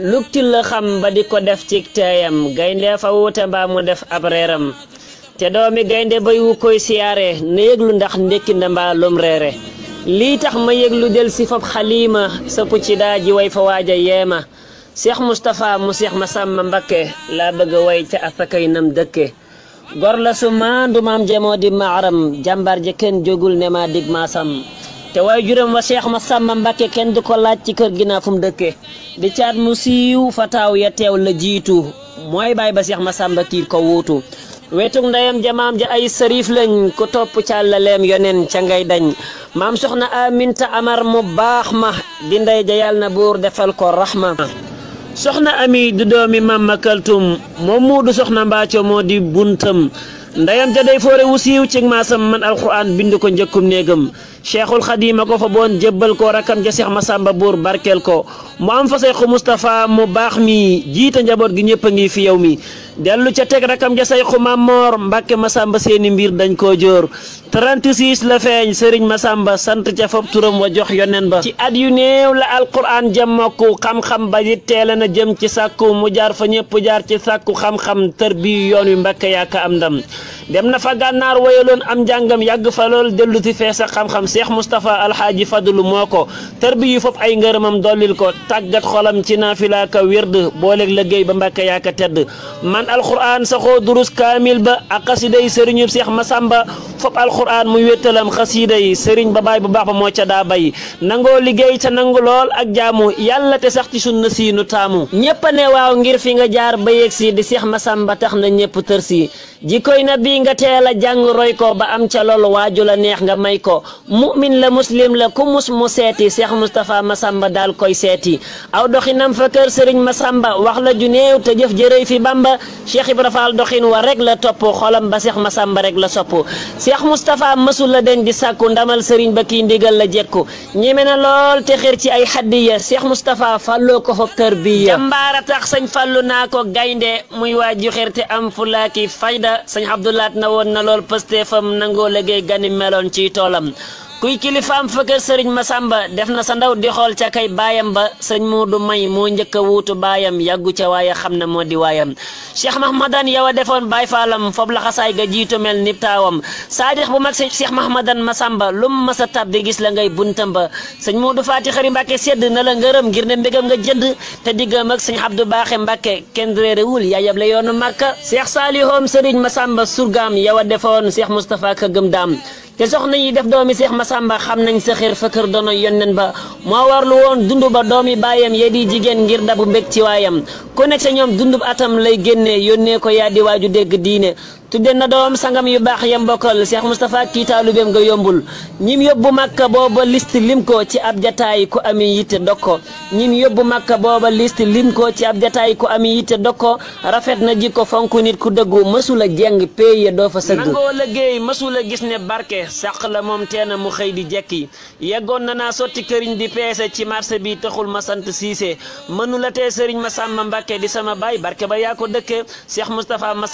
luktil la xam ba di ko def ci teeyam gaynde fa wuute mbaa mu def ab reeram te doomi gaynde bay wu koy siyaare na yëglu ndax ndékki na mbaa lum lii tax ma yëglu del si fab xaliima sëpp ci daa ji way fa waaja yeema seex mustapha mu seex ma sàmma mbakke laa bëgg way ca asakay dëkke gor la su maandu maam jemoo di maaram jàmbar ji kenn jógul ne ma dig te waaye juróom wa ma Massamba Mbacké kenn di ko laaj ci kër gi naa mu dëkkee di caat mu siiw fa taaw ya teew la jiitu mooy baay ba ma sàmba kiir ko wuutu wetuk ndeyam jamaam ja ay sërif lañ ko topp càllaleem yonen ca ngay dañ maam soxna aminta amar mu baax ma di ndey ja yàlla na buur defal ko raxma soxna ami du doomi mam makaltum moom muudu soxna mbaaco moo di buntam ndeyam ja day foore wu siiw ci maasam man alxuraan bind ko njëkkum néegam cheikhul xadima ko fa boon jébbal ko rakam ja seex sàmba buur barkeel ko mu am fa seexu Moustapha mu baax mi jiita njaboot gi ñëpp a ngi fi yow mi dellu ca teg rakam ja say xumaam moor mbàkke masamba seeni mbir dañ koo jóor 36 la feeñ sëriñ masamba sant ca fop turam wa jox yonen ba ci at yu néew la alquran jëm mokku xam-xam ba it teela na jëm ci sàkku mu jaar fa ñëpp jaar ci sàkku xam-xam tër bi yoon wi yaa yaaka am ndam dem na fa gànnaar wayaloon am jàngam yàgg fa lool dellu fee sa xam-xam seex Moustapha Alxaaji Fadlu moo ko tërbi yu fop ay ngërëmam dollil ko tàggat xolam ci naafila ka wird booleeg liggéey ba mbàkke yaa ko tedd man alxuraan saxoo durus kaamil ba ak xasiday sëriñub ma Masamba fop alxuraan muy wéttalam xasiida yi sëriñ ba baay bu baax ba moo ca daa bay nangoo liggéey te nangu lool ak jaamu yàlla te sax ci sunna si nu taamu ñépp ne waaw ngir fi nga jaar ba yegg di seex masamba tax na ñépp tër si jikkoy na bii nga teel a jàng roy ko ba am ca lool waaju la neex nga may ko mu'min la muslim la ku mus mu seeti seex mustapha masamba daal koy seeti aw doxinam fa kër sëriñ masamba wax la ju néew te jëf jërëy fi bamba seex ibra faal doxin wa rek la topp xolam ba seex rek la sopp Cheikh Moustapha masul la den di sàkku ndamal sëriñ ba kii ndigalla la jekku ñeme na lool te xër ci ay xaddiya Cheikh Moustapha fàlloo ko fob tarbiya jàmbaara tax sëñ fàllu naa ko gaynde muy waaju xër te am fulaaki fayda sëñ Abdoulaat na woon na lool pëste fam nangoo liggéey gani meloon ci toolam kuy kilifaam fa kër sëriñ Masamba def na sa ndaw di xool ca kay baayam ba sëriñ Moodu May moo njëkk a wuutu baayam yàggu ca waaye xam na moo di waayam Cheikh Mahmadan yow a defoon baay faalam foofu la xasaay ga jiitu mel nib taawam saadix bu mag Cheikh Mahmadan Masamba lu mu mas a tab gis la ngay buntam ba sëñ Moodu Faati Xari Mbàkke sedd na la ngërëm ngir ne mbégam nga jënd te diggam ak sëñ Abdu Baaxe Mbàkke kenn réerewul yaayab la yoonu Màkka Cheikh Saalihoom sëriñ Masamba surgaam yow a defoon Cheikh Moustapha gëm daam te soxna yi def doomi seex masamba xam nañ sa xër fa kër dono yonnen ba moo warlu woon dund ba doomi baayam ya di jigéen ngir dabu bég ci waayam ku nekk sa ñoom dundub atam lay génne yónnee ko yaa di waaju dégg diine tudde na doom sangam yu baax yam bokkal Cheikh Moustapha kii taalubeem nga yombul ñim yóbbu màkka booba liste lim ko ci ab jataay ku ami yitte dog ko ñim yóbbu màkka booba liste lim ko ci ab jataay ku ami yitte dog ko rafet na jikko fonk nit ku dëggu mësula jeng péye doo fa sëgg nangoo liggéey mësula gis ne barke sàq la moom teena mu xëy di jekki yeggoon na naa sotti këriñ di peese ci marché bi taxul ma sant siise mënula tee sëriñ ma sàmba mbàkke di sama baay ba yaa ko dëkke Cheikh Moustapha ma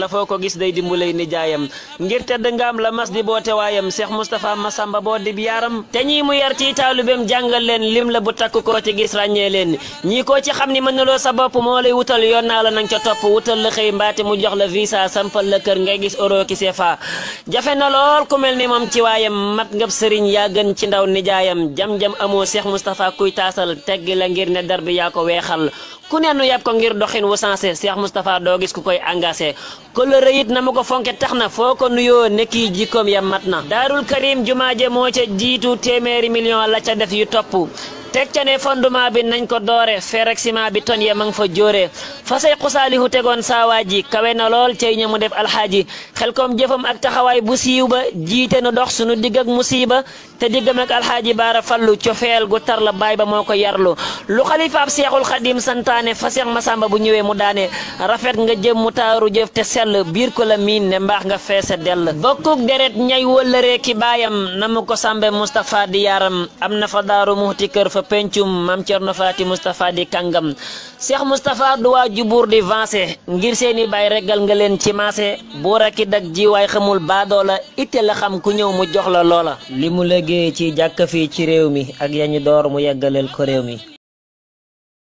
la foo ko gis day dimbalay nijaayam ngir tedd ngaam la mas di boote waayam seex Moustapha Massamba boo dib yaaram te ñii mu yar ci taalubem jàngal leen lim la bu takk ko ci gis ràññee leen ñii koo ci xam ni mënuloo sa bopp moo lay wutal yoon naa la nañ ca topp wutal la xëy mbaate mu jox la visa sampal la kër ngay gis euro ki CFA jafe na lool ku mel ni moom ci waayam mat ngab sëriñ yàggan ci ndaw nijaayam jam-jam amoo Cheikh Moustapha kuy taasal tegg la ngir ne dar bi yaa ko weexal ku ne nu ngir doxin wu sensé Cheikh doo gis ku koy engagé kóllëre it na mu ko fonke tax na foo ko nuyoo nekki jikkoom ya mat na daarul karim jumaaje moo ca jiitu téeméeri million la ca def yu topp teg ca ne fondement bi nañ ko doore fer ak ciment bi ton ya ma nga fa jóore fa say xusaalihu tegoon saawaa ji kawe na lool cay ña mu def alxaaji xel koom jëfam ak taxawaay bu siiw ba jiite nu dox sunu digg ak musiba te diggam ak alxaaji baara fallu cofeel gu tar baay ba moo ko yarlu lu xalifaab seexul xadim santaane fa seex masamba bu ñëwee mu daane rafet nga jëm mu taaru jëf te sell biir ko miin ne mbaax nga feese dell bokkuk deret ñay wëllëree ki baayam na mu ko sambe Mustapha di yaram am fa pencum maam Cerno Faati Moustapha di kàngam Cheikh Moustapha du waa jubuur di vancé ngir seeni baay regal nga leen ci maase bu rakki dak jiwaay xamul baadoo la itte la xam ku ñëw mu jox la loola li mu liggéey ci jàkka fii ci réew mi ak yañu door mu yeggaleel ko réew mi